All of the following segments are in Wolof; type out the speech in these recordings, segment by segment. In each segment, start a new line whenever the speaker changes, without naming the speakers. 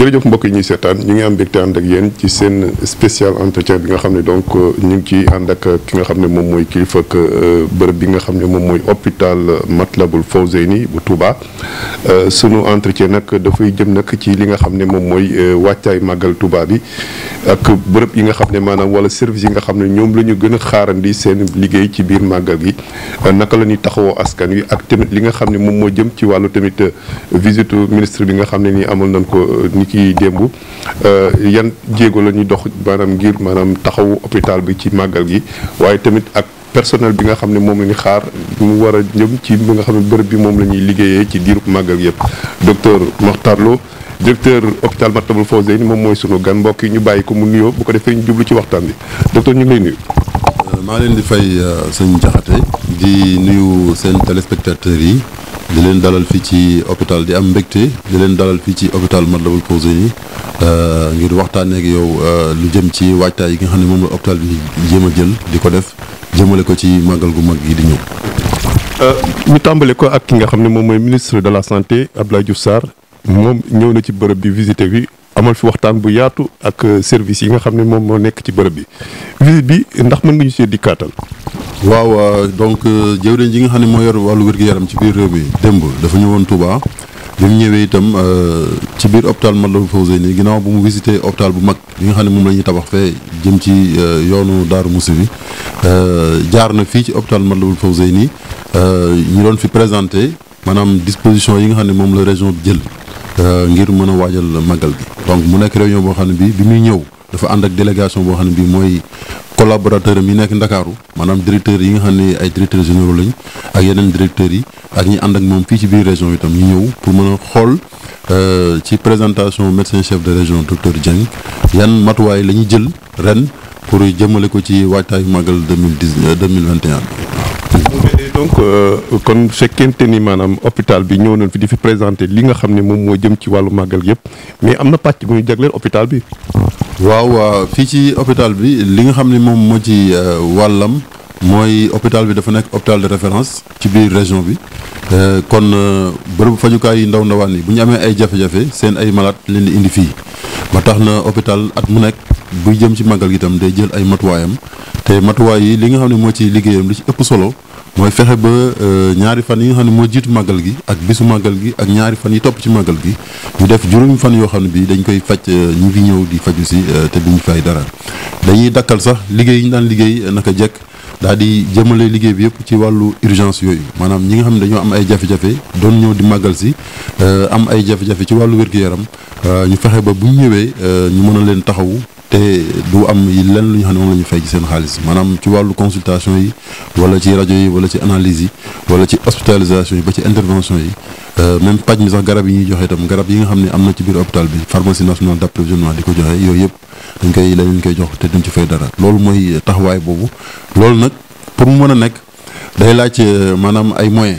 jërëjëf mbokk yi ñuy seetaan ñu ngi am mbégte ànd ak yéen ci seen spécial entretien bi nga xam ne donc ñu ngi ciy ànd ak ki nga xam ne moom mooy kilifa ak euh, bërëb bi nga xam ne moom mooy hôpital Matlaboul Fawzeyni bu Touba. Euh, sunu entretien nag dafay jëm nag ci li nga xam ne moom mooy euh, wàccaay màggal Touba bi ak bërëb yi nga xam ne maanaam wala service yi nga xam ne ñoom la ñu gën a xaarandi seen liggéey ci biir màggal gi naka la ñuy taxawoo askan wi ak tamit li nga xam ne moom moo jëm ci wàllu tamit visite ministre bi nga xam ne nii amal nañ ko. kii démb euh, yan jéego la ñuy dox maanaam ngir maanaam taxawu hôpital bi ci màggal gi waaye tamit ak personnel bi nga xam ne moom la ñu xaar mu war a ci bi nga xam ne bërëb bi moom la ñuy liggéeyee ci diirub màggal gi yëpp docteur Mokhtar Lo directeur hôpital Matlaboul Fawzeyni moom mooy sunu gan mbokk yi ñu bàyyi ko mu nuyoo bu ko defee ñu jublu ci
waxtaan bi docteur ñu ngi lay euh, maa leen di fay euh, sëñ Jaxate di nuyu seen téléspectateurs yi. di leen dalal fii ci hôpital di am mbégte di leen dalal fii ci hôpital Matlaboul Fawzeyni euh, ngir waxtaaneek ak yow euh, lu jëm ci waajtaay yi nga xam ne moom la hôpital bi jéem a jël di ko def jëmale ko ci màggal gu mag gi di ñëw.
Euh, ñu tàmbale ko ak ki nga xam ne moom mooy ministre de la santé Abdoulaye Diouf Sarr moom ñëw na ci bërëb bi visité bi amal fi waxtaan bu yaatu ak service yi nga xam ne moom moo nekk ci bërëb bi visite bi
ndax mën nga ñu see dikkaatal. waaw donc euh, jëwriñ ji nga xam ne moo yor wàllu wér-gu-yaram ci biir réew mi démb dafa ñëwoon Touba bi mu ñëwee itam euh, ci biir hôpital Matlaboul nii ginnaaw bu mu visité hôpital bu mag bi nga xam ne moom la ñuy tabax fee jëm ci euh, yoonu Daaru Musi bi jaar na fii ci hôpital Matlaboul Fawzeyni ñu doon fi présenter maanaam disposition yi nga xam ne moom la région bi jël ngir mën a waajal magal bi donc mu nekk réunion boo xam ne bi bi muy ñëw dafa ànd ak délégation boo xam ne bii mooy collaborateur am yi nekk ndakaaru maanaam directeur yi nga xam ne ay directeurs généraux lañ ak yeneen directeurs yi ak ñi ànd ak moom fii ci biir région itam ñu ñëw pour mën a xool euh, ci présentation médecin chef de région docteur Dieng yan matuwaay la ñuy jël ren pour jëmale ko ci waajtaayu màggal deux mille dix euh, deux mille vingt et un
donc euh, kon fekkente ni maanaam hôpital bi ñëw nañ fi di fi présenter li nga xam ne moom moo jëm ci
wàllu màggal yëpp mais am na pàcc bu ñu jagleel hôpital bi. waaw fii ci hôpital bi li nga xam ni moom moo ci euh, wàllam mooy hôpital bi dafa nekk hôpital de référence ci biir région bi euh, kon euh, bërëbu fajukaay yi ndaw ndawaan yi bu ñu amee ay jafe-jafe seen ay malade leen di indi fii ba tax na hôpital at mu nekk buy jëm ci màggal gi itam day jël ay matuwaayam te matuwaay yi li nga xam ne moo ci liggéeyam li ci ëpp solo mooy fexe ba euh, ñaari fan yi nga xam ne moo jiitu màggal gi ak bisu màggal gi ak ñaari fan yi topp ci màggal gi ñu def juróomi fan yoo xam ne bii dañ koy faj euh, ñi fi ñëw di faju si euh, te bi ñu fay dara dañuy dakkal sax liggéey yi ñu daan liggéey naka jekk daal di jëmale liggéey bi yëpp ci wàllu urgence yooyu maanaam ñi nga xam ne dañoo am ay jafe-jafe doon ñëw di màggal si am ay jafe-jafe ci wàllu wér-gu-yaram ñu fexe ba bu ñu ñëwee ñu mën a leen taxawu te du am len lu ñu xam ne moom la ñu fay ci seen xaalis maanaam ci wàllu consultation yi wala ci rajo yi wala ci analyse yi wala ci hospitalisation yi ba ci intervention yi euh, même paj mi sax garab yi ñuy joxe itam garab yi nga xam ne am na ci biir hôpital bi pharmacie nationale d'approvisionnement di ko joxe yooyu yëpp dañ koy la leen koy jox te duñ ci fay dara loolu mooy taxawaay boobu loolu nag pour mu mën a nekk day laaj euh, maanaam ay moyen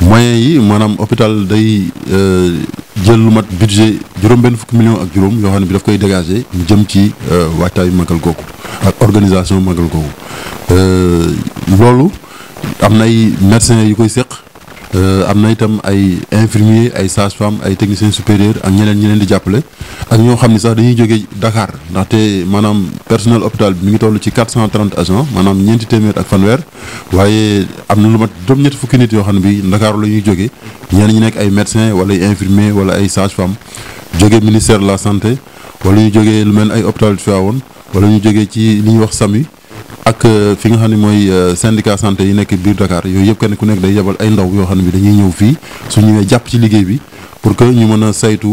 moyens yi maanaam hôpital day euh, jël lu mat budget juróom-benn fukki million ak juróom yoo xam ne bi daf koy dégager mu jëm ci euh, waajtaayu màggal googu ak organisation màggal googu euh, loolu am nay médecins yu koy séq Euh, am na itam ay infirmier ay sage femme ay technicien supérieur ak ñeneen ñeneen di jàppale ak ñoo xam ne sax dañuy jógee Dakar ndaxte maanaam personnel hôpital bi mi ngi toll ci 430 agents maanaam ñeenti téeméer ak fanweer waaye am na lu mat juróom-ñetti fukki nit yoo xam ne bi Ndakaaru la ñuy jógee ñeneen ñi nekk ay médecin wala ay infirmier wala ay sage femme jógee ministère de la santé wala ñu jóge lu mel ay hôpital Tivaouane wala ñu jógee ci li ñuy wax SAMU ak euh, fi nga xam ne mooy euh, syndicat santé yi nekk biir Dakar yooyu yëpp kenn ku nekk day yebal ay ndaw yoo xam ne dañuy ñëw fii su ñëwee jàpp ci liggéey bi pour que ñu mën a saytu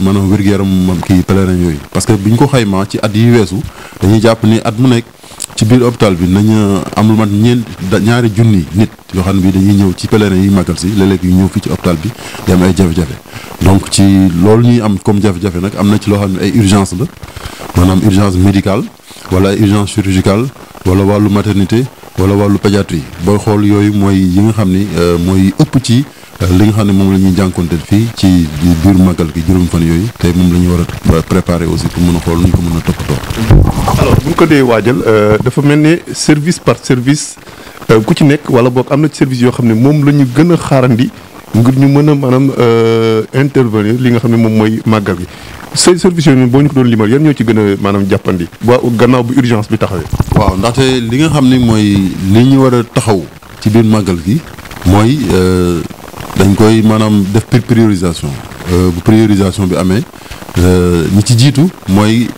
maanaam euh, wér-gu-yaram mm, kii pèlerin yooyu parce que bi ñu ko xaymaa ci at yi weesu dañuy jàpp ni at mu nekk ci biir hôpital bi nañ am lu mat ñeent ñaari junni nit yoo xam ne bi dañuy ñëw ci pèlerin yi màggal si léeg-léeg yu ñëw fii ci hôpital bi di am ay jafe-jafe donc ci loolu ñuy am comme jafe-jafe nag am na ci loo xam ne ay urgence la maanaam urgence médicale wala urgence chirurgicale wala wàllu maternité wala wàllu pédiatrie booy xool yooyu mooy yi nga xam ni euh, mooy ëpp ci euh, li nga xam ne moom la ñuy jànkonteel fii ci biir màggal gi juróom fan yooyu te moom la ñu a préparer aussi pour mën a xool nu ko mën a toppatoo.
alors ko dee waajal euh, dafa mel ne service par service ku ci nekk wala boog am na ci service yoo xam ne moom la ñu gën a xaarandi ngir ñu mën a maanaam intervenir li nga xam ne moom mooy màggal gi say services yooyu boo ñu ko doon limal yan ñoo ci gën a maanaam jàppandi ba gannaaw bu urgence bi taxawee
waaw ndaxte li nga xam ne mooy li ñu war a taxaw ci biir màggal gi mooy euh, dañ koy maanaam def priorisation euh, bu priorisation bi amee euh, ñi ci jiitu mooy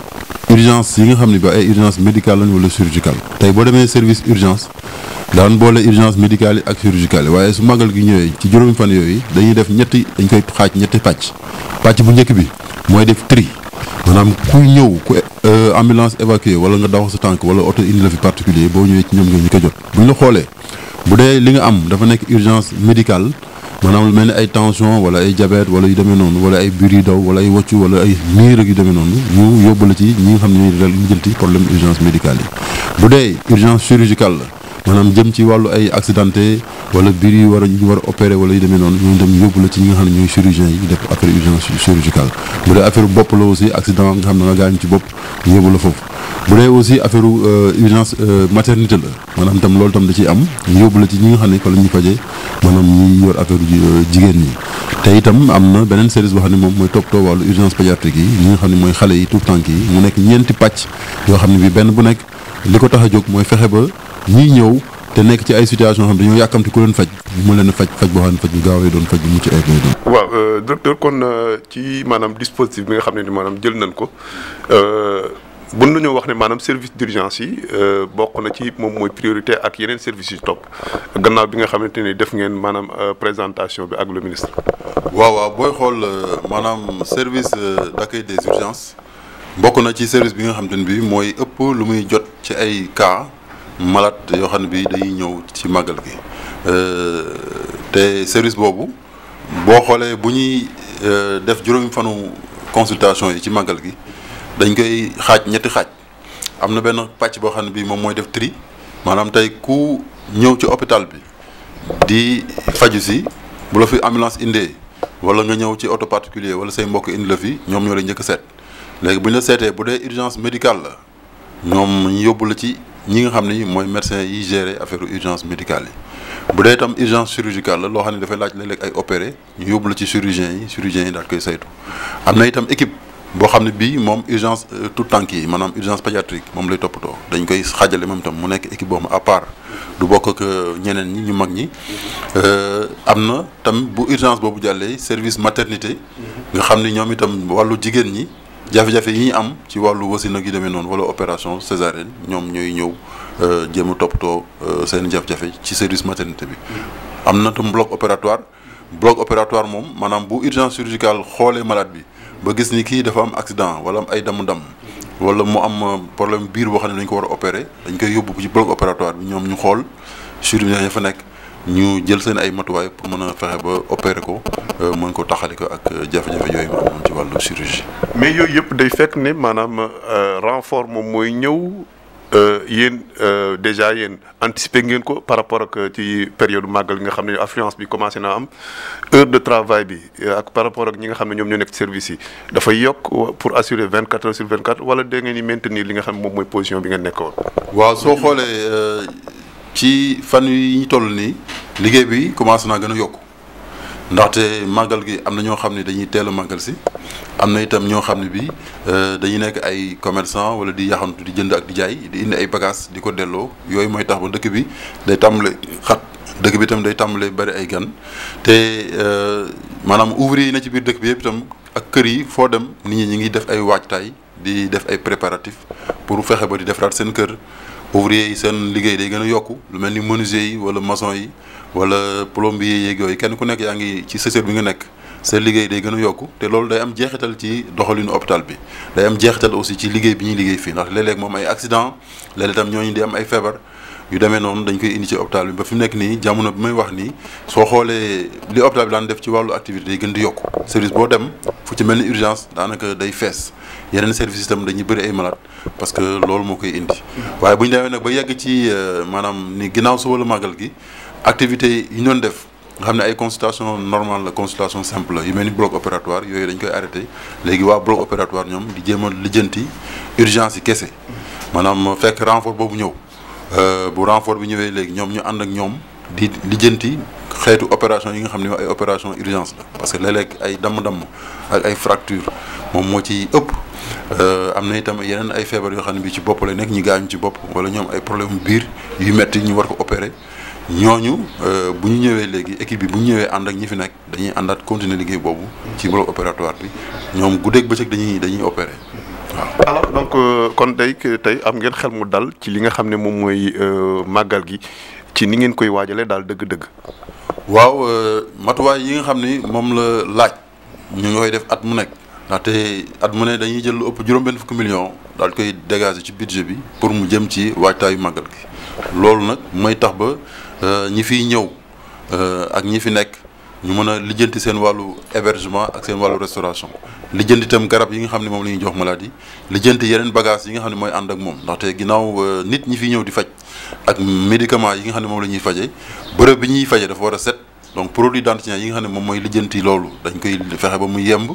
urgence yi nga xam ne bi ay urgence médicale lañ walla chirurgicale tey boo demee service urgence daan boole urgence médicale yi ak chirurgicale yi waaye su màggal gi ñëwee ci juróomi fan yooyu dañuy def ñetti dañ koy xaaj ñetti pàcc pàcc bu njëkk bi mooy def tri maanaam ku ñëw ku euh, ambulance évacuée wala nga daw sa tànk wala oto indi la fi particulier boo ñëwee ci ñoom nga ñu ko jot. bu ñu la xoolee bu dee li nga am dafa nekk urgence médicale maanaam lu mel ni ay tension wala ay diabète wala yu demee noonu wala ay biir yu daw wala ay wocc wala ay niir ak yu demee noonu ñu yóbbu la ci ñu ngi xam ne ñu jël ci problème urgence médicale yi bu dee urgence chirurgicale la. maanaam jëm ci wàllu ay accidenté wala biir yu war a ñu war a opéré wala yu demee noonu ñooñu dem yóbbu la ci ñi nga xam ne ñooy chirurgien yi def affaire urgence chirurgicale bu dee affaire bopp nga xam ne nga gaañu ci bopp yóbbu la foofu bu dee aussi affaire euh, urgence euh, maternité la maanaam tam loolu tam da ciy am yóbbu la ci ñi nga xam ne fa la ñuy yor affaire euh, jigéen ñi te itam am na beneen service boo xam ne moom mooy toppatoo wàllu urgence pédiatrique yi ñi nga xam ne mooy xale yi tout tànk yi mu nekk ñeenti pàcc yoo xam ne bi benn bu nekk li ko tax a jóg mooy fexe ba ñii ñëw te nekk ci ay situation xam dañoo yàkkamti ku leen faj mu leen faj faj boo xam ne faj bu gaaw lay doon faj bu mucc
waaw euh, docteur kon euh, ci maanaam dispositif bi nga xam ne ni maanaam jël nañ ko bun euh, nañoo wax ne maanaam service d'urgence yi bokk na ci moom mooy priorité ak yeneen service yi topp gannaaw bi nga xamante
ni def ngeen maanaam présentation bi ak le ministre. waaw waaw booy xool maanaam service d'accueil des urgences bokk na ci service bi nga xamante ne bii mooy ëpp lu muy jot ci ay cas. malade yoo xam ne bi dañuy ñëw ci màggal gi euh, te service boobu boo xoolee bu ñuy euh, def juróomi fanu consultation yi ci màggal gi dañ koy xaaj ñetti xaaj am na benn pàcc boo xam ne bii moom mooy def tri maanaam tey ku ñëw ci hôpital bi di faju si bu la fi ambulance indee wala nga ñëw ci auto particulier wala say mbokk indi la fi ñoom ñoo lay njëkk seet léegi bu ñu la seetee bu dee urgence médicale la ñoom ñu yóbbu la ci ñi nga xam ne mooy médecin yi gérer affaire urgence médical yi bu dee tam urgence chirurgicale la loo xam ne dafay laaj léeg-léeg ay opéré ñu yóbbu la ci chirurgien yi chirurgien yi daal koy saytu am na itam équipe boo xam ne bii moom urgence euh, tout tànk yi maanaam urgence pédiatrique moom lay toppatoo dañ koy xaajale moom itam mu nekk équipe boo xam à du bokk ak euh, ñeneen ñi ñu mag ñi euh, am na tam bu urgence boobu jàllee service maternité nga xam ne ñoom itam wàllu jigéen ñi jafe-jafe yi ñu am ci wàllu wasin ak yu demee noonu wala opération césarienne ñoom ñooy ñëw euh, jéem a toppatoo euh, seen jafe-jafe ci service maternité bi. am na tam bloc opératoire bloc opératoire moom maanaam bu urgence chirurgicale xoolee malaat bi ba gis ni kii dafa am accident wala am ay damm-damm. wala mu am euh, problème biir boo xam ne dañ ko war a opérer dañ koy yóbbu ci bloc opératoire bi ñoom ñu xool chirurgien ñu fa nekk. ñu jël seen ay matuwaay pour mën a fexe ba opérer ko euh, mën ko taxali ko ak jafe-jafe yooyu ma amoon ci wàllu chirurgie. mais yooyu yëpp day fekk ne maanaam euh, renfort moom mooy ñëw.
Euh, yéen déjà yéen anticiper ngeen ko par rapport ak ci période màggal yi nga xam ne affluence bi commencé naa am heure de travail bi ak par rapport ak ñi nga xam ne ñoom ñoo nekk service yi dafay yokk pour assurer 24 heures sur 24 wala da ngeen di maintenir li nga xam ne moom mooy position
bi ci fan yi ñu toll nii liggéey bi commencé naa gën a yokku ndaxte màggal gi am na ñoo xam ne dañuy teel a màggal si am na itam ñoo xam ne bi euh, dañu nekk ay commerçant wala di yaxantu di jënd ak di jaay di indi ay bagages di ko delloo yooyu mooy tax ba dëkk bi day tàmbale xat dëkk bi itam day tàmbale bari ay gan te euh, maanaam ouvrier yi ne ci biir dëkk bi yëpp itam ak kër yi foo dem nit ñi ñu ngi def ay waajtaay di def ay préparatifs pour fexe ba di defaraat seen kër. ouvrier yi seen liggéey day gën a yokk lu mel ni menuisier yi wala maçon yi wala plombier yeeg yooyu kenn ku nekk yaa ngi ci secteur bi nga nekk seen liggéey day gën a yokku te loolu day am jeexital ci doxalinu hôpital bi day am jeexital aussi ci liggéey bi ñuy liggéey fii ndax léeg moom ay accident léeg-léeg ñoo ñooñu di am ay feebar yu demee noonu dañ koy indi ci hôpital bi ba fi mu nekk nii jamono bi may wax nii soo xoolee li hôpital bi daan def ci wàllu activité yi gën di yokk service boo dem fu ci mel ni urgence daanaka day fees yeneen service itam dañuy bëri ay malade parce que loolu moo koy indi waaye bu ñu demee nag ba yegg ci euh, maanaam ni ginnaaw suba la màggal gi activité yi ñoon def nga xam ne ay consultation normale la consultation simple la yu mel ni bloc opératoire yooyu dañ koy arrêté léegi waa bloc ñoom di jéem lijjanti urgence yi kese maanaam fekk renfort boobu ñëw Euh, bu renfort bi ñëwee léegi ñoom ñu ànd ak ñoom di lijjanti xeetu opération yi nga xam ne ay opération urgence la parce que léeg-léeg ay damm dam ak ay fracture moom moo ci ëpp euh, am na itam yeneen ay feebar yoo xam ne bi ci bopp la nekk ñu gaañu ci bopp wala ñoom ay problème biir yu metti ñu war ko opérer ñooñu euh, bu ñu ñëwee léegi équipe bi bu ñu ñëwee ànd ak ñi fi nekk dañuy àndaat continuer liggéey boobu ci bloc opératoire bi ñoom guddeeg bëccëg dañuy dañuy opérer
alors donc euh, kon day tey am ngeen xel mu dal ci li nga xam ne moom mooy euh, màggal gi ci ni ngeen koy waajalee daal dëgg-dëgg.
waaw euh, matuwaay yi nga xam ne moom la laaj ñu ngi koy def at mu nekk ndaxte at mu ne dañuy jël lu ëpp juróom-benn fukki million daal koy dégager ci budget bi pour mu jëm ci waajtaayu màggal gi loolu nag mooy tax ba ñi fiy ñëw ak ñi fi nekk. ñu mën a lijjanti seen wàllu hébergement ak seen wàllu restauration lijjanti itam garab yi nga xam ne moom la ñuy jox maladie lijjanti yeneen bagage yi nga xam ne mooy ànd ak moom ndaxte ginnaaw euh, nit ñi fi ñëw di faj ak médicament yi nga xam ne moom la ñuy fajee bërëb bi ñuy fajee dafa war a set donc produit d'entretien yi nga xam ne moom mooy lijjanti loolu dañ koy fexe ba mu yemb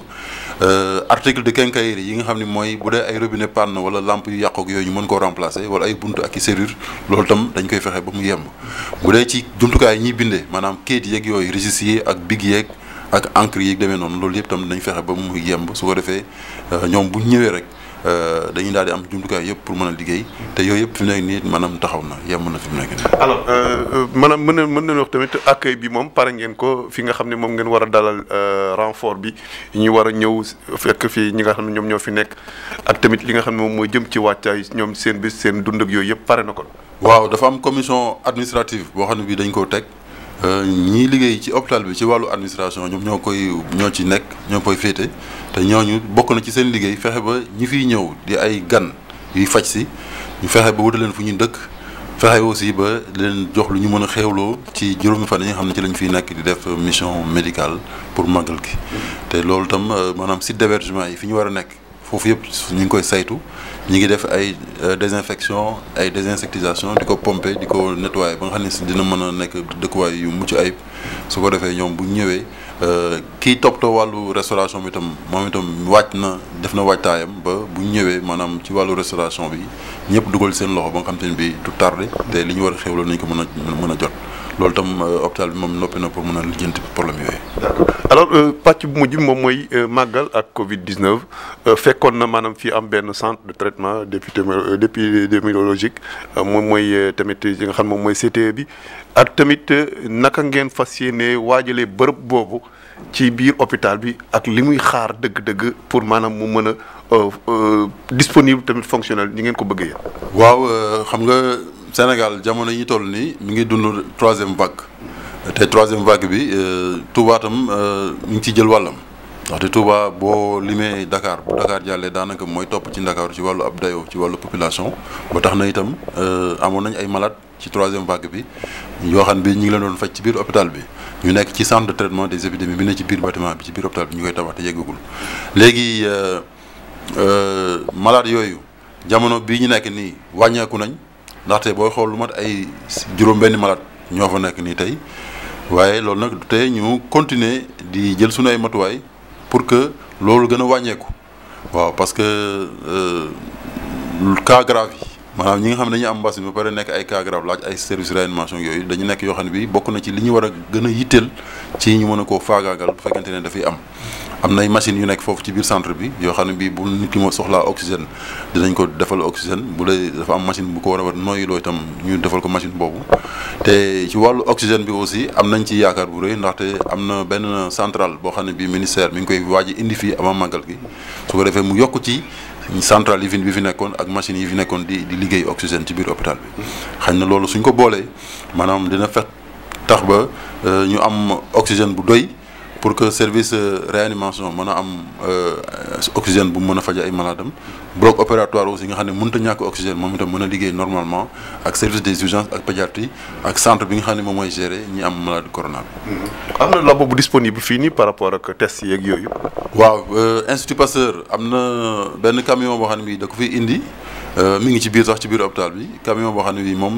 euh, article de quincaillerie yi nga xam ne mooy bu dee ay robinet panne wala làmp yu yàqu yooyu ñu mën koo remplacer wala ay buntu ak i serrure loolu tam dañ koy fexe ba mu yemb bu dee ci jumtukaay yi ñuy bindee maanaam kayit yeeg yooyu registre yi ak big yeeg ak encre yi demee noonu loolu yëpp tam dañ fexe ba mu yemb su ko defee euh, ñoom bu ñëwee rek. Euh, dañuy daal di am jumtukaay yëpp pour mën a liggéey te yooyu yëpp fi nekk nii maanaam taxaw na yemm a fi mu nekk
nii. alors euh, euh, maanaam mën na mën nañu wax tamit accueil bi moom pare ngeen ko fi nga xam ne moom ngeen war a dalal renfort bi ñu war a ñëw fekk fii ñi nga xam ne ñoom ñoo fi nekk ak tamit li nga xam ne moom moo jëm ci wàccaay ñoom seen bés
seen dund yooyu yëpp pare na ko. waaw dafa am commission administrative boo xam ne bii dañ koo teg. Euh, ñii liggéey ci hôpital bi ci wàllu administration ñoom ñoo koy ñoo ci nekk ñoo koy féete te ñooñu bokk na ci seen liggéey fexe ba ñi fiy ñëw di ay gan yuy faj si ñu fexe ba wutal leen fu ñuy dëkk fexe aussi ba leen jox lu ñu mën a xeewloo ci juróomi fan yi nga xam ne ci lañ fiy nekk di def mission médical pour màggal gi te loolu tam euh, maanaam si d'hébergement yi fi ñu war a nekk foofu yëpp ñu ngi koy saytu ñu ngi def ay euh, désinfection ay désinsectisation di ko pompe di ko nettoyer ba nga xam ne si dina mën a nekk dëkkuwaay yu mucc ayib su ko defee ñoom bu ñëwee euh, kii toppatoo wàllu restauration bi itam moom itam wàcc na def na waajtaayam ba bu ñëwee maanaam ci wàllu restauration bi ñëpp dugal seen loxo ba nga xam te ne bii du tardé te li ñu war a xéwloo nañ ko mën a mën a jot. loolu tam euh, hôpital bi moom noppi na pour mën a lijjanti problème yooyu. d'accord
alors euh, pàcc bu mujj moom
mooy euh, màggal
ak Covid 19 fekkoon na maanaam fii am benn centre de traitement d'épidémiologique moom mooy tamit li nga xam moom mooy CTE bi ak tamit naka ngeen fas yéenee waajalee bërëb boobu ci biir hôpital bi ak li muy xaar dëgg-dëgg
pour maanaam mu mën a disponible tamit fonctionnel ñi ngeen ko bëggee. waaw Sénégal jamono yi toll nii mi ngi dund troisième vague te troisième vague bi euh, Touba tam euh, mi ngi ci jël wàllam ndaxte Touba boo limee Dakar bu Dakar jàllee daanaka mooy topp ci Ndakaaru ci wàllu ab dayoo ci wàllu population ba tax na itam euh, amoon nañ ay malade ci troisième vague bi yoo xam bi ñu ngi leen doon faj ci biir hôpital bi ñu nekk ci centre de traitement des épidémies bi ne ci biir bâtiment bi ci biir hôpital bi ñu koy tabax te yeggagul léegi malade yooyu jamono bii ñu nekk nii wàññeeku nañ. ndaxte booy xool lu mat ay juróom-benni malade ñoo fa nekk nii tey waaye loolu nag te tey ñu continuer di jël suñu ay matuwaay pour que loolu gën a wàññeeku waaw parce que euh, cas grave yi maanaam ñi nga xam ne dañu am mbas mi ba pare nekk ay cas grave laaj ay service réanimation yooyu dañu nekk yoo xam ne bi bokk na ci li ñu war a gën a yitteel ci ñu mën a koo faagaagal bu fekkente ne dafay am am nay machines yu nekk foofu ci biir bi yoo xam ne bii bu ki ma soxlaa oxygène dinañ ko defal oxygène bu lay dafa am bu ko war a war nooyiloo ñu defal ko machine boobu te ci wàllu oxygène bi aussi am nañ ci yaakaar bu rëy ndaxte am na benn central boo xam ne bii ministère mi ngi koy waaj indi fii avant màggal gi su ko defee mu yokk ci centrale yi fi bi fi nekkoon ak machines yi fi nekkoon di di liggéey oxygène ci biir hôpital bi xañ na loolu suñ ko boolee maanaam dina fekk tax ba euh, ñu am oxygène bu doy pour que service euh, réanimation mën a am euh, oxygène bu mën a faj ay malade am bloc opératoire aussi nga xam ne mënut ta ñàkk oxygène moom itam mën a liggéey normalement ak service des urgences ak pédiatrie ak centre bi nga xam ne moom mooy gérer ñi am malade corona bi. Mm-hmm. am na labo bu disponible fii nii par rapport ak test yeeg yooyu. waaw euh, Institut Pasteur am na benn camion boo xam ne bii da ko fi indi. Euh, mi ngi ci biir sax ci biir hôpital bi camion boo xam ne bii moom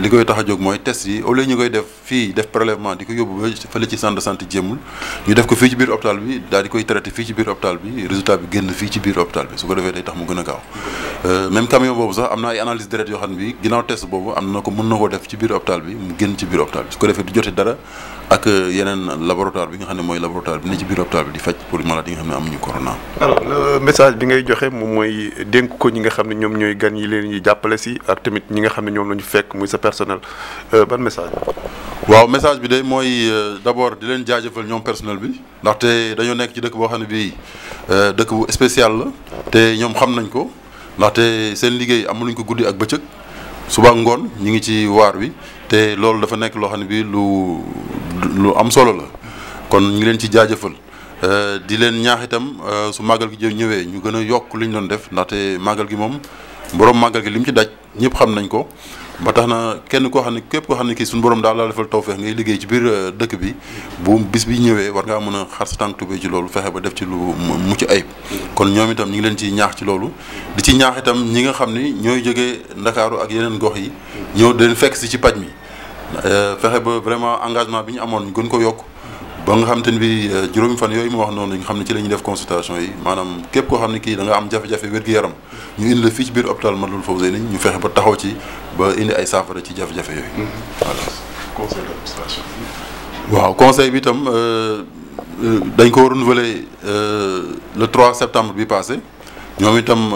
li koy tax a jóg mooy test yi au ñu koy def fii def prélèvement di ko yóbbu ba fële ci centre de jéemul ñu def ko fii ci biir hôpital bi daal di koy traité fii ci biir hôpital bi résultat bi génn fii ci biir hôpital bi su ko defee day tax mu gën a gaaw euh, même camion boobu sax am na ay analyse direct yoo xam ne bi ginnaaw test boobu am na ko mën na koo def ci biir hôpital bi mu génn ci biir ko defee du jotee ak euh, yeneen laboratoire bi nga xam ne mooy laboratoire bi ne ci biir hôpital bi di faj pour malade yi nga xam ne amuñu corona. message
bi ngay joxe moom mooy dénk ko ñi nga xam ne ñoom ñooy gan yi leen ñuy jàppale
si ak tamit ñi nga xam ne ñoom la ñu fekk muy sa personnel euh, ban message. waaw message bi day mooy euh, d'abord di leen jaajëfal ñoom personnel bi ndaxte dañoo nekk ci dëkk boo xam ne bii dëkk bu spécial la te ñoom xam nañ ko ndaxte seen liggéey amuluñ ko guddi ak bëccëg suba ngoon ñi ngi ci waar wi te loolu dafa nekk loo xam ne bii lu. lu am solo la kon ñu leen ci jaajëfal euh, di leen ñaax itam euh, su màggal gi jë ñëwee ñu gën a yokk li ñu doon def ndaxte màggal gi moom borom màggal gi li mu ci daj ñëpp xam nañ ko ba tax na kenn koo xam ne képp koo xam ne ki suñu borom daal laa defal tawfeex ngay liggéey ci biir euh, dëkk bi bu bis bi ñëwee war ngaa mën a xar sa tànk ci loolu fexe ba def ci lu mucc ayib kon ñoom itam ñu ngi leen ci ñaax ci loolu di ci ñaax itam ñi nga xam ni ñooy jógee ndakaaru ak yeneen gox yi ñëw di fekk si ci paj mi Euh, fexe ba vraiment engagement bi ñu amoon gën ko yokk ba nga xam te ne bi euh, juróomi fan yooyu moo wax noonu nga xam ne ci lañuy def consultation yi maanaam képp koo xam ne kii da nga am jafe-jafe wér-gu-yaram ñu indi la fii ci biir hôpital Matlaboul Fawzeyni ñu fexe ba taxaw ci ba indi ay saafara ci jafe-jafe yooyu mm-hmm. voilà conseil d'administration waaw conseil bi itam euh, dañ ko renouveler le trois septembre bi passé ñoom itam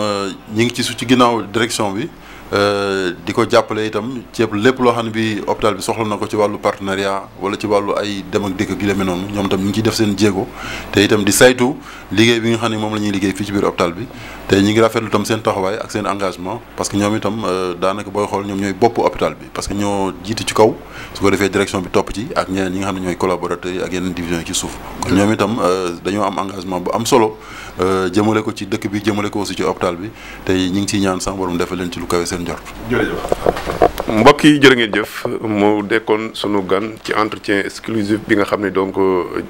ñu ngi ci su ci ginnaaw direction bi Euh, di ko jàppale itam ceeb lépp loo xam ne bi hôpital bi soxla na ko ci wàllu partenariat wala ci wàllu ay dem ak dikk ak yu noonu ñoom tam ñu ngi ciy def seen jéego te itam di saytu liggéey bi nga xam ne moom la ñuy liggéey fii ci biir hôpital bi te ñi ngi rafetlu tam seen taxawaay ak seen engagement parce que ñoom itam euh, daanaka booy xool ñoom ñooy bopp hôpital bi parce que ñoo jiitu ci kaw su ko defee direction bi topp ci ak ñeen ñi nga xam ne ñooy collaborateurs yi ak yeneen division yi ci suuf kon ñoom itam euh, dañoo am engagement bu am solo euh, jëmale ko ci dëkk bi jëmale ko aussi ci hôpital bi te ñi ngi ciy ñaan sax borom defal leen ci lu kawe seen njort jërëjëf
mbokk yi jërë ngeen jëf mu dekkoon sunu gan ci entretien exclusif bi nga xam ne donc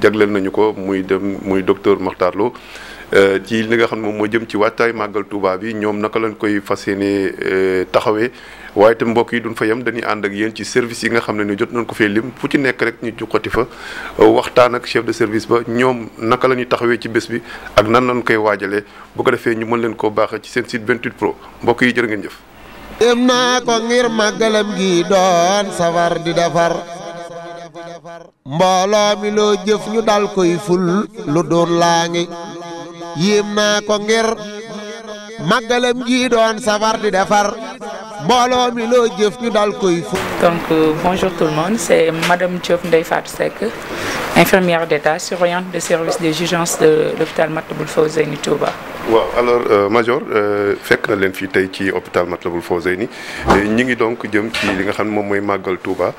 jagleel nañu ko muy dem muy docteur Makhtar Lo ci li nga xam ne moom moo jëm ci waajtaay màggal tubaab bi ñoom naka lañ koy fas yéene euh, taxawee waaye itam mbokk yi duñ fa yam dañuy ànd ak yéen ci service yi nga xam ne ni jot nañ ko fee lim fu ci nekk rek ñu juqati fa waxtaan ak chef de service ba ñoom naka la ñuy taxawee ci bés bi ak nan lañu koy waajalee bu ko defee ñu mën leen koo baaxee ci seen site 28 pro mbokk yi jërë ngeen jëf. dem naa ko ngir màggalam gi doon safar di defar. mbooloo mi loo jëf ñu dal koy ful yéem naa ko ngir màggalam gii doon safar di defar
mbooloo mi loo jëf ñu dal koy fu donc euh, bonjour tout le monde c'est madame Diop Ndeye Fatou Seck infirmière d'état surveillante de service de jugeance de l'hôpital Matlaboul Fawzeyni Touba
waaw alors euh, major euh, fekk na leen fii tey ci hôpital Matlaboul Fawzeyni ñi ngi donc jëm ci li nga xam ne moom mooy màggal Touba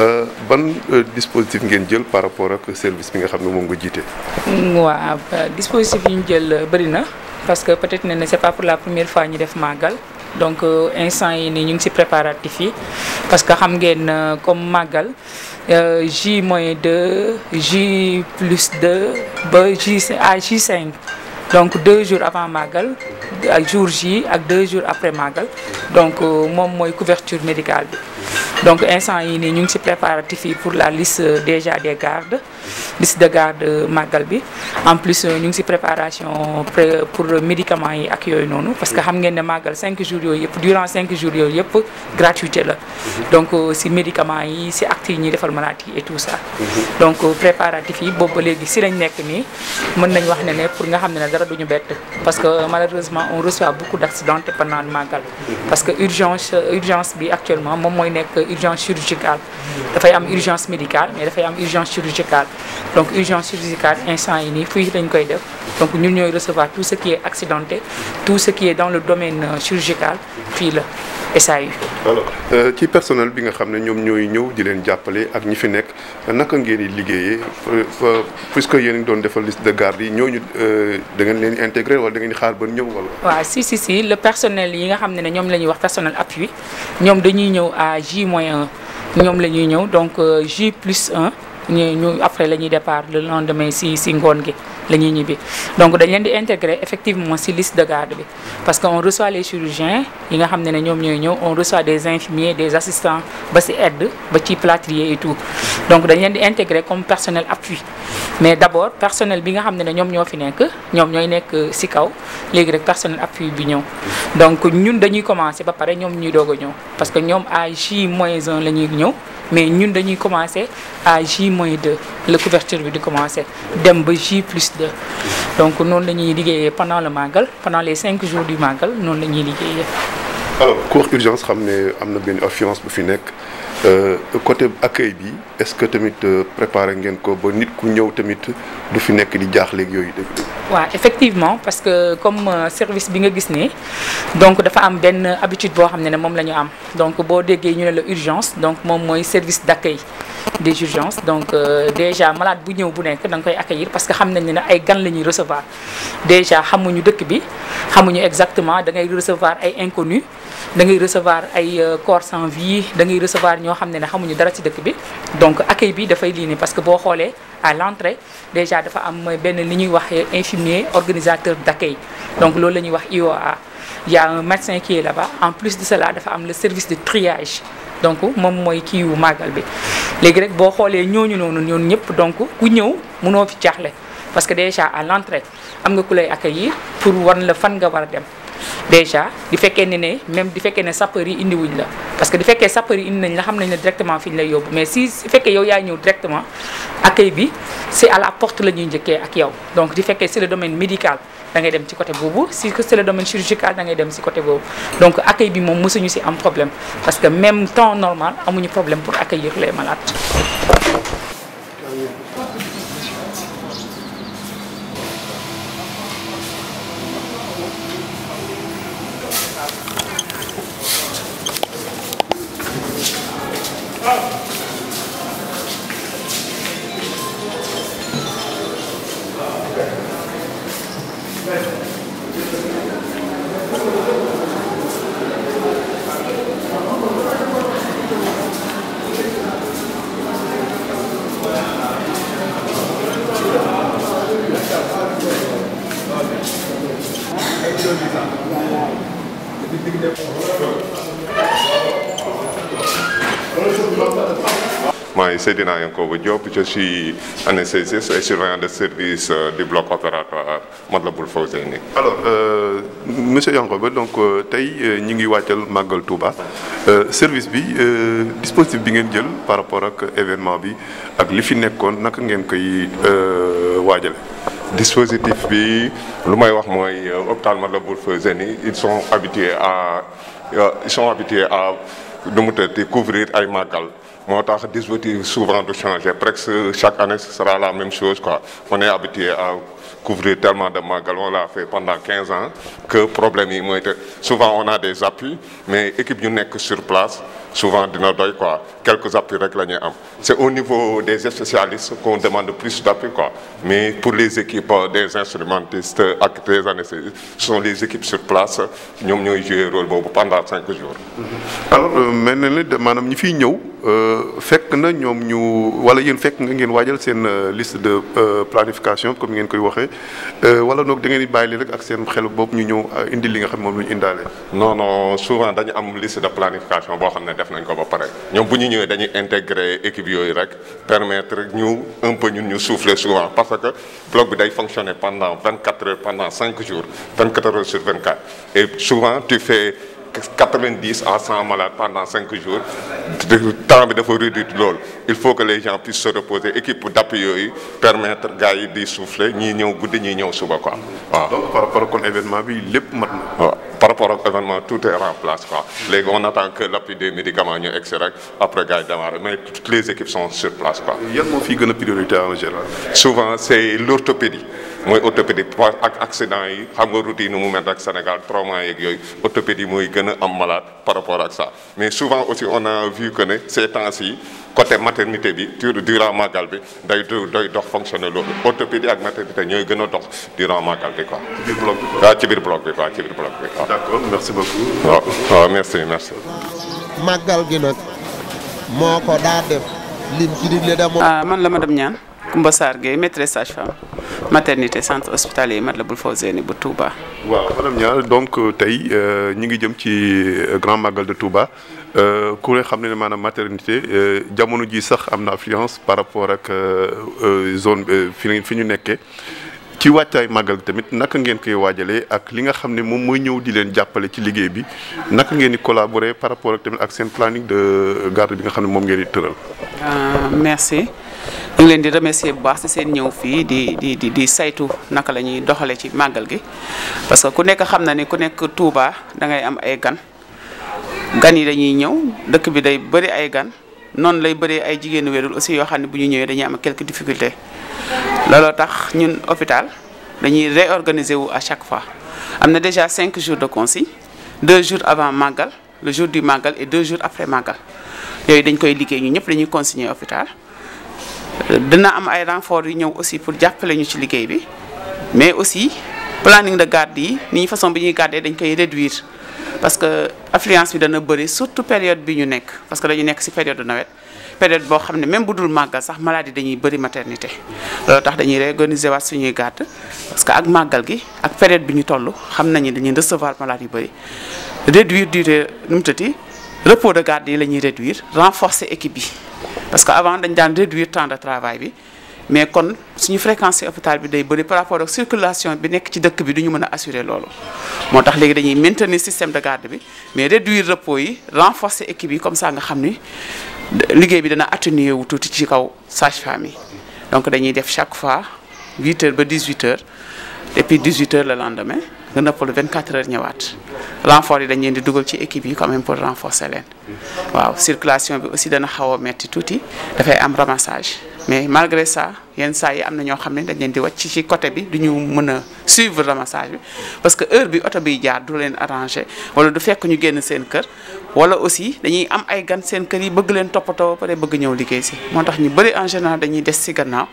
euh, ban dispositif ngeen jël par rapport ak service bi nga xam ne moom nga jiite.
Mm, waaw dispositif yi ñu jël bëri na parce que peut-être ne ne c'est pas pour la première fois ñu def màggal. donc instant yi nii ñu ngi si préparatif yi parce que xam ngeen comme màggal J moins 2 J plus 2 ba J à j cinq donc deux jours avant màggal ak jour J ak deux jours après màggal donc euh, moom mooy couverture médical bi donc instant yi nii ñu ngi ci préparatif yi pour la liste déjà des gardes liste de garde màggal bi en plus euh, ñu ngi ci préparation pour médicament yi ak yooyu noonu parce que xam ngeen ne màggal cinq jours yooyu yëpp durant cinq jours yooyu yëpp gratuité la donc si euh, médicament yi si actes yi ñuy defal malade yi et tout ça mhm. donc préparatif yi boobu léegi si lañ nekk nii mën nañ wax ne ne pour nga xam ne dara duñu bett parce que malheureusement on bi actuellement moom mooy nekk def donc ñun ñooy recevoir tout ce qui est accidenté tout ce qui est dans le domaine euh, chirurgical fii la
SAU. Euh, ci personnel bi nga xam ne ñoom ñooy ñëw di leen jàppale ak ñi fi nekk naka ngeen di liggéeyee euh, puisque yéen doon defal liste de garde ñooñu ngeen leen intégré wala da ngeen xaar ba ñëw wala.
waaw si si si le personnel yi nga xam ne ne ñoom la ñuy wax personnel appui ñoom dañuy ñëw à J ñoom la ñuy ñëw donc euh, J plus 1 ñu ñu après la ñuy départ le lendemain si si ngoon gi la ñuy ñibbi donc dañ leen di intégrer effectivement si liste de garde bi parce que on reçoit les chirurgiens yi nga xam ne ne ñoom ñooy ñëw on reçoit des infirmiers des assistants ba si aide ba ci plâtrier et tout donc dañ leen di intégrer comme personnel appui. mais d' abord personnel bi nga xam ne ne ñoom ñoo fi nekk ñoom ñooy nekk si kaw léegi rek personnel appui bi ñëw donc ñun dañuy commencé ba pare ñoom ñuy doog a ñëw parce que ñoom à J moins un la ñuy ñëw mais ñun dañuy commencé à J moins de la couverture bi di commencé dem ba J plus de donc noonu la ñuy liggéeyee pendant le màggal pendant les cinq jours du màggal noonu la ñuy liggéeyee.
alors urgence xam ne am na benn affluence bu fi nekk. Euh, côté accueil bi est-ce que tamit euh, préparé ngeen ko ba nit ku ñëw tamit du fi nekk di jaaxleeg yooyu dëgg
waa effectivement parce que comme euh, service bi nga gis nii donc dafa am benn habitude boo xam ne ne moom la ñu am donc boo déggee ñu ne la urgence donc moom mooy service d'accueil des urgences donc déjà malade bu ñëw bu nekk da nga koy accueillir parce que xam nañ ne ay gan la ñuy recevoir déjà xamuñu dëkk bi xamuñu exactement da ngay recevoir ay inconnus da ngay recevoir ay euh, corps sans vie da ngay recevoir ñoo xam ne ne xamuñu dara ci dëkk bi donc accueil bi dafay lii nii parce que boo xoolee à l'entrée déjà dafa am benn li ñuy wax infirmier organisateur d'accueil donc loolu la ñuy wax IOA y a un médecin qui est en plus de cela dafa am le service de triage donc moom mooy kii wu màggal bi léegi rek boo xoolee ñooñu noonu ñoon ñëpp donc ku ñëw munoo fi jaaxle parce que déjà à l'entrée am nga ku lay accueillir pour war la fan nga war a dem déjà di fekkee ne ne même di fekkee ne sapeur yi indiwuñ la parce que di fekkee sapeur yi indi nañ la xam nañ la directement fi ñu lay yóbbu mais si si fekkee yow yaay ñëw directement accueil bi c'est à la porte la ñuy njëkkee ak yow donc di fekkee c'est le domaine médical da dem ci côté boobu si c'est le domaine chirurgical da dem si côté boobu donc accueil bi moom mësuñu si am problème parce que même temps normal amuñu problème pour accueillir les malades
Sedina Yankoba Diop, je suis anesthésiste et surveillant de service euh, du bloc opératoire euh, Matlaboul Fawzaini.
Alors, euh, monsieur ba donc euh, tey ñu ngi wàccal màggal Touba service bi dispositif bi ngeen jël par rapport ak événement bi ak li fi
nekkoon naka ngeen koy waajale. dispositif bi lu may wax mooy hôpital Matlaboul Fawzaini ils sont habitués à ils sont habitués à nu mu couvrir ay màggal. moo tax dispositif souvent du changer presque chaque année ce sera la même chose quoi on est habitué à couvrir tellement de màggal l'a fait pendant quinze ans que problème yi mooy te souvent on a des appuis mais équipe yu nekk sur place souvent dina doy quoi quelques appuis rek la ñuy am c'est au niveau des spécialistes qu'on demande plus d'appui quoi mais pour les équipes des instrumentistes ak des anesthésistes ce sont les équipes sur place ñoom ñooy jouer rôle boobu pendant cinq jours alors euh,
mel na ni maanaam ñi fiy ñëw Euh, fekk na ñoom ñu wala yéen fekk nga ngeen waajal seen euh, liste de euh, planification comme ngeen koy waxee wala noog da bàyyi
li rek ak seen xel boobu ñu ñëw indi li nga xam moom lu ñu indaale. non non souvent dañu am liste de planification boo xam ne def nañ ko ba pare ñoom bu ñu ñëwee dañuy intégrer équipe yooyu rek permettre ñu un peu ñun ñu souffler souvent parce que bloc bi day fonctionner pendant 24 heures pendant cinq jours 24 heures sur 24 et souvent tu 90 à 100 malades pendant 5 jours temps bi dafa réduire loolu il faut que les gens puissent se reposer équipe d'appui yooyu permettre gars yi di souffler ñii ñëw guddi ñii ñëw suba quoi waaw. donc par kon événement bi lépp mat na. waaw. par rapport ak événement tout est remplacé quoi léegi on attend que l'appui des médicaments ñu egg rek après gars yi mais toutes les équipes sont sur place quoi. yan moo fi gën priorité en général. souvent c'est l'orthopédie mooy orthopédie ak accident yi xam nga routine nu mu mel ak Sénégal trauma yeeg yooyu orthopédie mooy gën a am malade par rapport ak ça mais souvent aussi on a vu que ne temps-ci côté maternité bi durant màggal bi day doy dox fonctionner loolu orthopédie ak a dox durant màggal bi quoi. d'accord merci beaucoup. Ah,
ah, gi nag moo ko daa def
lim ci digle da ah man la madame Niane Koumba Sarr Gueye maîtresse sage-femme maternité centre hospitalier Matlaboul Fawzeyni bu Touba.
waaw madame Niane donc euh, tey euh, ñi ngi jëm ci euh, grand màggal de Touba ku ne xam ne maanaam maternité jamono ji sax am na affluence par rapport ak zone bi fi ñu nekkee. ci wàccaay màggal tamit naka ngeen koy waajalee ak li nga xam ne moom mooy ñëw di leen jàppale ci liggéey bi naka ngeen di collaborer par rapport ak tamit ak seen planning de garde bi nga xam ne moom ngeen di tëral.
Euh, merci ñu leen di remercier bu baax ci seen ñëw fii di di di di saytu naka la ñuy doxalee ci màggal gi parce que ku nekk xam na ni ku nekk Touba da ngay am ay gan gan yi dañuy ñëw dëkk bi day bëri ay gan noonu lay bëree ay jigéenu weerul aussi yoo xam ne bu ñu ñëwee dañuy am quelques looloo tax ñun hôpital dañuy réorganiser wu à chaque fois am na déjà cinq jours de consigne deux jours avant màggal le jour du màggal et deux jours après màggal yooyu dañ koy liggéey ñu ñëpp lañuy consigner hôpital dina am ay renfort yu ñëw aussi pour jàppale ñu ci liggéey bi mais aussi planning de garde yi ni ñu façon bi ñuy garder dañ koy réduire parce que affluence bi dana bëri surtout période bi ñu nekk parce que dañu nekk ci période de nawet période boo xam ne même bu dul màggal sax maladie dañuy bëri maternité loolu tax dañuy réorganiser waat suñuy garde parce que ak màggal gi ak période bi ñu toll xam nañu dañuy recevoir malade yu bëri réduire durée nu mu tëddi repos de garde yi la ñuy réduire renforcer équipe yi parce que avant dañ daan réduire temps de travail bi mais kon suñu fréquence hôpital bi day bëri par rapport ak circulation bi nekk ci dëkk bi duñu mën a assurer loolu moo tax léegi dañuy maintenir système de garde bi mais réduire repos yi renforcer équipe yi comme ça xam ni liggéey bi dana atténuer wu tuuti ci kaw sage-femme yi donc dañuy def chaque fois 8 heures ba 18 heures et puis 18 heures le lendemain nga noppalu 24 heures ñëwaat renfort yi dañ leen di dugal ci équipe yi comme même pour renforcer leen waaw circulation bi aussi dana xaw a metti tuuti dafay am ramassage mais malgré ça. yenn saa yi am na ñoo xam ne dañ leen di wàcc ci côté bi du ñu mën a suivre ramassage bi parce que heure bi oto biy jaar du leen arrangé wala du fekk ñu génn seen kër wala aussi dañuy am ay gan seen kër yi bëgg leen toppatoo ba pare bëgg ñëw liggéey si moo tax ñu bëri en général dañuy des si gannaaw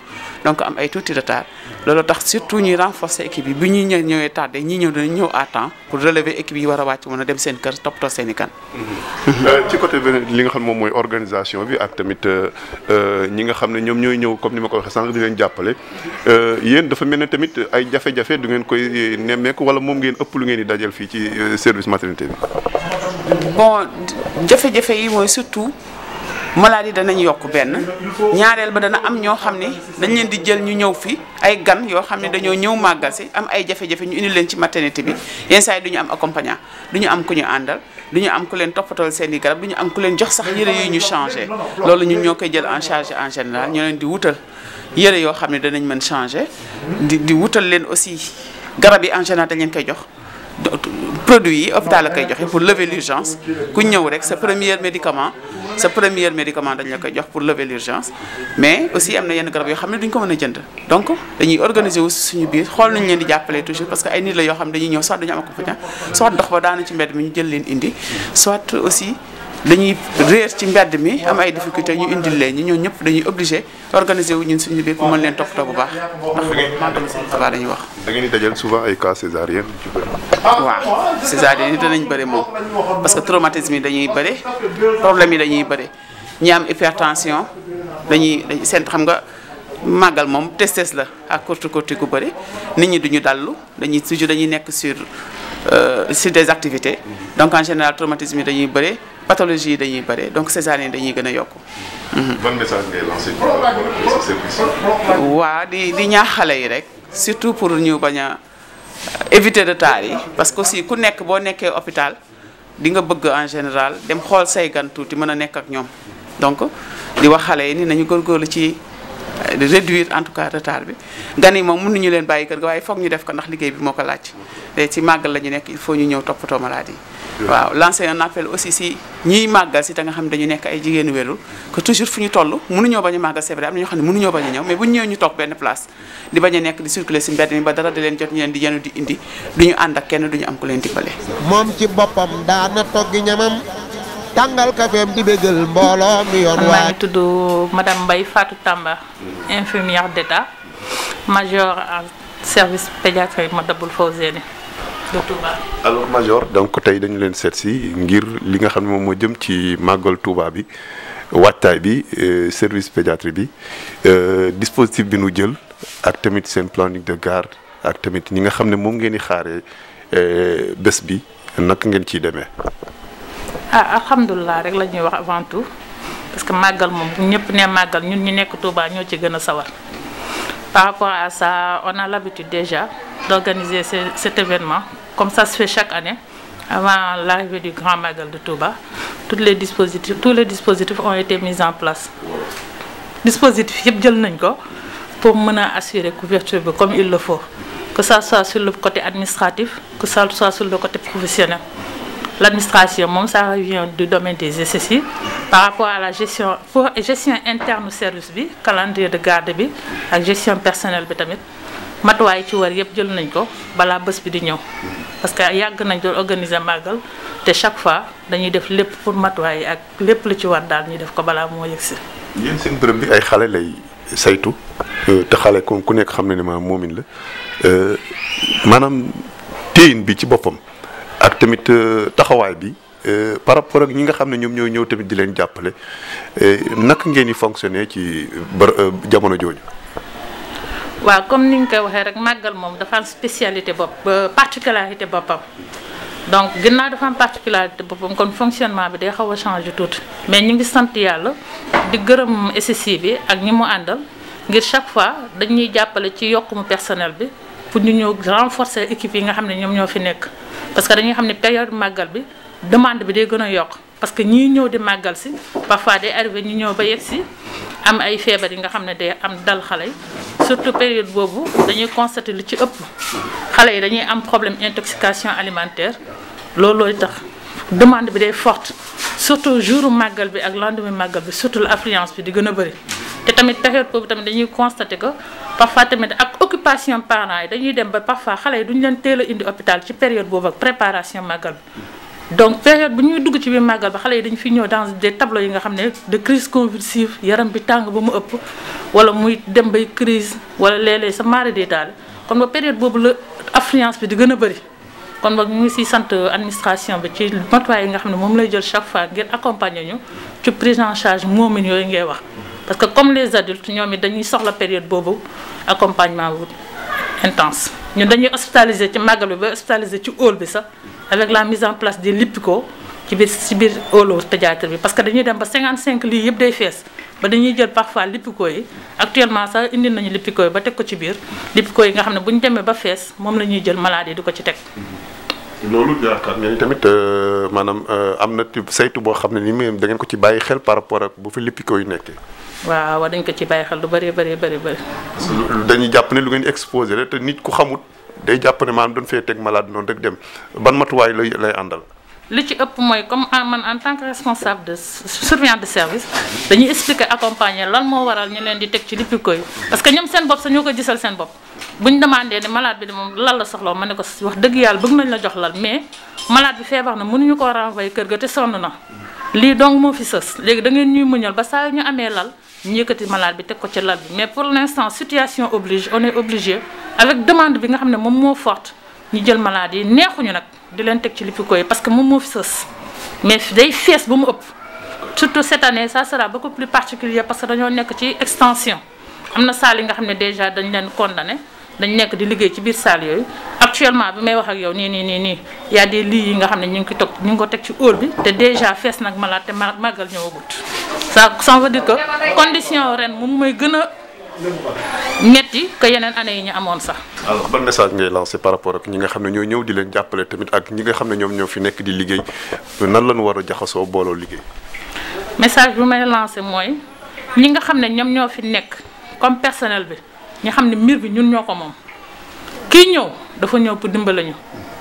donc am ay tuuti retard loolu tax surtout ñuy renforcer équipe yi bu ñuy ñëw ñëwee tardé ñi ñëw dañu ñëw à temps pour relever équipe yi war a wàcc i gan.
Euh, ci côté bi li nga xam moom bi ak euh, euh, di leen jàppale euh, yéen dafa mel ne tamit ay jafe-jafe du ngeen koy nemmeeku wala moom ngeen ëpp lu ngeen di dajal fii ci euh, service maternité bi.
bon jafe-jafe yi mooy surtout maladie danañ yokk benn ñaareel ba dana am ñoo xam ne dañ leen di jël ñu ñëw fii ay gan yoo xam ne dañoo ñëw màggal si am ay jafe-jafe ñu indi leen ci maternité bi yenn saa yi du ñu am accompagnant du ñu am ku ñu àndal du ñu am ku leen toppatool seen i garab du ñu am ku leen jox sax yére yu ñu changé loolu ñun ñoo koy jël yére yoo xam ne danañ mën changer di di wutal leen aussi garab yi en général dañ leen koy jox produit yi hôpital la koy joxe pour lever l'urgence ku ñëw rek sa premier médicament sa premier médicament dañ la koy jox pour lever l'urgence mais aussi am na yenn garab yoo xam ne duñ ko mën a jënd donc dañuy organiser wu suñu biir xool nañ leen di jàppale toujours parce que ay nit la yoo xam ne dañuy ñëw soit dañu am accompagnant soit dox ba daana ci mbedd mi ñu leen indi dañuy réer ci mbedd mi am ay difficulté ñu indil leen ñi ñoo ñëpp dañuy obligé organiser wu ñun suñu biir pour mën leen toppatoo bu baax ndax dañuy wax.
da ngeen di dajal souvent ay cas
césarienne ci bëri. waaw danañ bëri moom parce que traumatisme yi dañuy bëri problème yi dañuy bëri ñi am hypertension dañuy sent xam nga màggal moom testes la ak courte courte gu bëri nit ñi duñu dallu dañuy toujours dañuy nekk sur euh, sur des activités donc en général traumatisme yi dañuy bëri. pathologie dañuy bare donc césarienne dañuy gën a yokk. Mhm. ban message ngay lancé waa di di ñaax xale yi rek surtout pour ñu bañ a euh, éviter retard yi parce que aussi ku nekk boo nekkee hôpital di nga bëgg en général dem xool say gan tuuti mën a nekk ak ñoom donc di wax xale yi ni nañu góorgóorlu ci euh, réduire en tout cas retard bi gan yi moom mënuñu leen bàyyi kër ga waaye foog ñu def ko ndax liggéey bi moo ko laaj te ci màggal la ñu nekk il faut ñu ñëw toppatoo malade yi. waaw lancer un appel aussi si ñiy màggal si te nga xam ne dañu nekk ay jigéenu Wélul que toujours fu ñu toll mënuñoo bañ a màggal c'est vrai am na ñoo xam ne mënuñoo bañ a ñëw mais bu ñu ñu toog benn place di bañ nekk di circuler si mbedd mi ba dara di leen jot ñu leen di yenu indi du ñu ànd ak kenn duñu am ku leen dimbale
moom ci boppam daana togg ñamam
tàngal kafeem di bégal mbooloo mi yoon maa ngi tudd madame Mbaye Fatou Tamba infirmière d'état major en service pédiatrie Matlaboul Fawzeyni de
Touba. alors major donc tey dañu leen seet si ngir li nga xam ne moom moo jëm ci màggal Touba bi waajtaay bi euh, service pédiatrie bi euh, dispositif bi nu jël ak tamit seen planning de garde ak tamit ñi nga xam ne moom ngeen di xaaree euh, bés bi naka ngeen ciy demee.
ah alhamdulilah rek la ñuy wax avant tout parce que màggal moom ñëpp ne màggal ñun ñu nekk Touba ñoo ci gën a sawar. par rapport à ça, on a l'habitude déjà d'organiser cet événement comme ça se fait chaque année, avant l'arrivée du Grand Magal de Touba, tous les dispositifs, tous les dispositifs ont été mis en place. Dispositifs yëpp jël nañ ko pour mën a assurer couverture bi comme il le faut que ça soit sur le côté administratif que ça soit sur le côté professionnel. L'administration moom sa revient du domaine des SSI par rapport à la gestion pour gestion interne service bi calendrier de garde bi a gestion personnelle bi tamit. matuwaay ci war yëpp jël nañ ko balaa bés bi di ñëw parce que yàgg nañ doon organiser magal te chaque fois dañuy def lépp pour matuwaay yi ak lépp lu ci war daal ñu def ko balaa moo yëg si.
yéen seen bërëb bi ay xale lay saytu euh, te xale kon ku nekk xam na ne maanaam moomin la euh, maanaam téyin bi ci boppam ak tamit euh, taxawaay bi. par rapport ak ñi nga xam ne ñoom ñoo ñëw tamit di leen jàppale naka ngeen di fonctionner ci jamono jooju.
waaw comme ni ñu koy waxee rek màggal moom dafa am spécialité bopp particularité boppam donc ginnaaw dafa am particularité boppam kon fonctionnement bi day xaw a changé tuuti mais ñu ngi sant yàlla di gërëm SSI bi ak ñi mu àndal ngir chaque fois dañuy jàppale ci yokkumu personnel bi pour ñu ñëw renforcer équipe yi nga xam ne ñoom ñoo fi nekk parce que dañuy xam ne période màggal bi demande bi day gën a yokk parce que ñii ñëw di màggal si parfois day arrivé ñu ñëw ba yegg si am ay feebar yi nga xam ne day am dal xale yi surtout période boobu dañuy constater lu ci ëpp xale yi dañuy am problème intoxication alimentaire loolooy tax demande bi day forte surtout jouru màggal bi ak lendemain màggal bi surtout l'affluence bi di gën a bëri te tamit période boobu tamit dañuy constater que parfois tamit ak occupation parents yi dañuy dem ba parfois xale yi duñu leen teel indi hôpital ci période boobu ak préparation màggal bi donc période bu ñuy dugg ci biir màggal ba xale yi dañu fi ñëw dans des tableaux yi nga xam ne de crise convulsive yaram bi tàng ba mu ëpp wala muy dem bay crise wala léeg sa maari di daal kon ba période boobu la affluence bi di gën a bëri kon boog mu ngi siy sant administration bi ci matuwaay yi nga xam ne moom lay jël chaque fois ngir accompagner ñu ci prise en charge moomin yooyu ngay wax parce que comme les adultes ñoom it dañuy soxla période boobu accompagnement bu intense ñun dañuy hospitaliser ci màggal bi ba hospitaliser ci hall bi sax avec la mise en place des ko ci biir ci biir olo pédiatre bi parce que dañuy dem ba 55 lii yëpp day fees ba dañuy jël parfois Lipiko yi actuellement sax indi nañu Lipiko ba teg ko ci biir Lipiko yi nga xam ne bu ñu demee ba fees moom la ñuy jël maladie yi ko ci teg.
Mm-hmm. loolu yaakaar nga ni tamit euh, maanaam euh, am na saytu boo xam ne nii da ngeen ko ci bàyyi xel par rapport ak bu fi Lipiko yi nekkee.
waaw dañ ko ci bàyyi xel lu bari bari bari bari.
dañuy jàpp ne lu ngeen exposé la te nit ku xamut. day jàpp ne maanaam dañ fee teg malade noonu rek dem ban matuwaay lay àndal.
li ci ëpp mooy comme man en tant que responsable de surveillant de service dañuy expliquer accompagner lan moo waral ñu leen di teg ci lipiko yi parce que ñoom seen bopp sax ñoo ko gisal seen bopp bu ñu demandé ni malade bi de moom lan la soxla ma ne ko wax dëgg yàlla bëgg nañ la jox lal mais malade bi feebar na mënuñu koo renvoyer kër ga te sonn na lii donc moo fi léegi da ngeen ñuy muñal ba saa yu ñu amee ñu yëkkati malade bi teg ko ca lal bi mais pour l' instant situation oblige on est obligé avec demande bi nga xam ne moom moo forte ñu jël malade yi neexuñu nag di leen teg ci lipiko yi parce que moom moo fi sës mais day fees ba mu ëpp surtout cette année ça sera beaucoup plus particulier parce que dañoo nekk ci extension am na saal yi nga xam ne déjà dañ leen condamné dañ nekk di liggéey ci biir salle yooyu actuellement bi may wax ak yow nii nii nii nii y lii yi nga xam ne ñu ngi ko toog ñu ngi ko teg ci hall bi te déjà fees nag malade te màggal ñëwagut ça ça que condition ren moom mooy gën a ñetti que yeneen année yi ñu amoon sax.
alors ban message ngay lancé par rapport ak ñi nga xam ne ñoo ñëw di leen jàppale tamit ak ñi nga xam ne ñoom ñoo fi nekk di liggéey nan lañu war a jaxasoo booloo liggéey.
message bu may lancé mooy ñi nga xam ne ñoom ñoo fi nekk comme personnel bi. ñu xam ne mbir bi ñun ñoo ko moom kii ñëw dafa ñëw pour dimbali ñu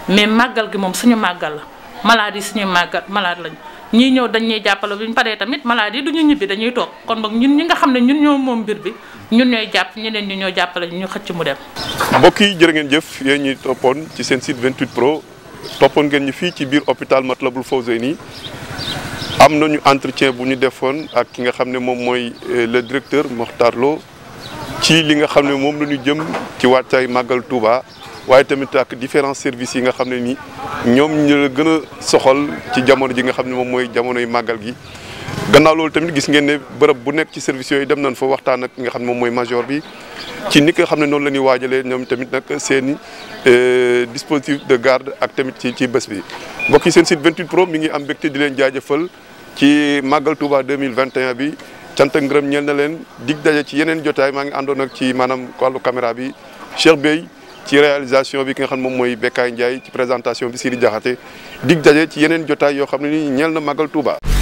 mais màggal gi moom suñu màggal la malade yi suñu màggal malade lañu ñii ñëw dañ ñuy jàppale bu ñu paree tamit malade yi du ñu ñibbi dañuy toog kon boog ñun ñi nga xam ne ñun ñoo moom mbir bi ñun ñooy jàpp ñeneen ñu ñoo jàppale ñu xëcc mu dem.
mbokk yi jërë ngeen jëf yéen ñuy toppoon ci seen site 28 pro toppoon ngeen ñu fii ci biir hôpital Matlaboul Fawzeyni am ñu entretien bu ñu defoon ak ki nga xam ne moom mooy euh, le directeur Mokhtar Lo ci li nga xam ne moom la ñu jëm ci wàccaay màggal Touba waaye tamit ak différents service yi nga xam ne nii ñoom ñu la gën a soxal ci jamono ji nga xam ne moom mooy jamonoy màggal gi. gannaaw loolu tamit gis ngeen ne bërëb bu nekk ci service yooyu dem nañ foo waxtaan ak nga xam ne moom mooy major bi ci ni nga xam ne noonu la ñuy waajalee ñoom tamit nag seen euh, dispositif de garde ak tamit ci ci bés bi. mbokk yi seen site 28 pro mi ngi am mbégte di leen jaajëfal ci màggal Touba 2021 bi. cant ak ngërëm na leen dig daje ci yeneen jotaay maa ngi àndoon ak ci maanaam wàllu caméra bi Cheikh Bey ci réalisation bi ki nga xam moom mooy Bekkaay Ndiaye ci présentation bi Sidi jaxate dig daje ci yeneen jotaay yoo xam ne ni ñeel na màggal Touba.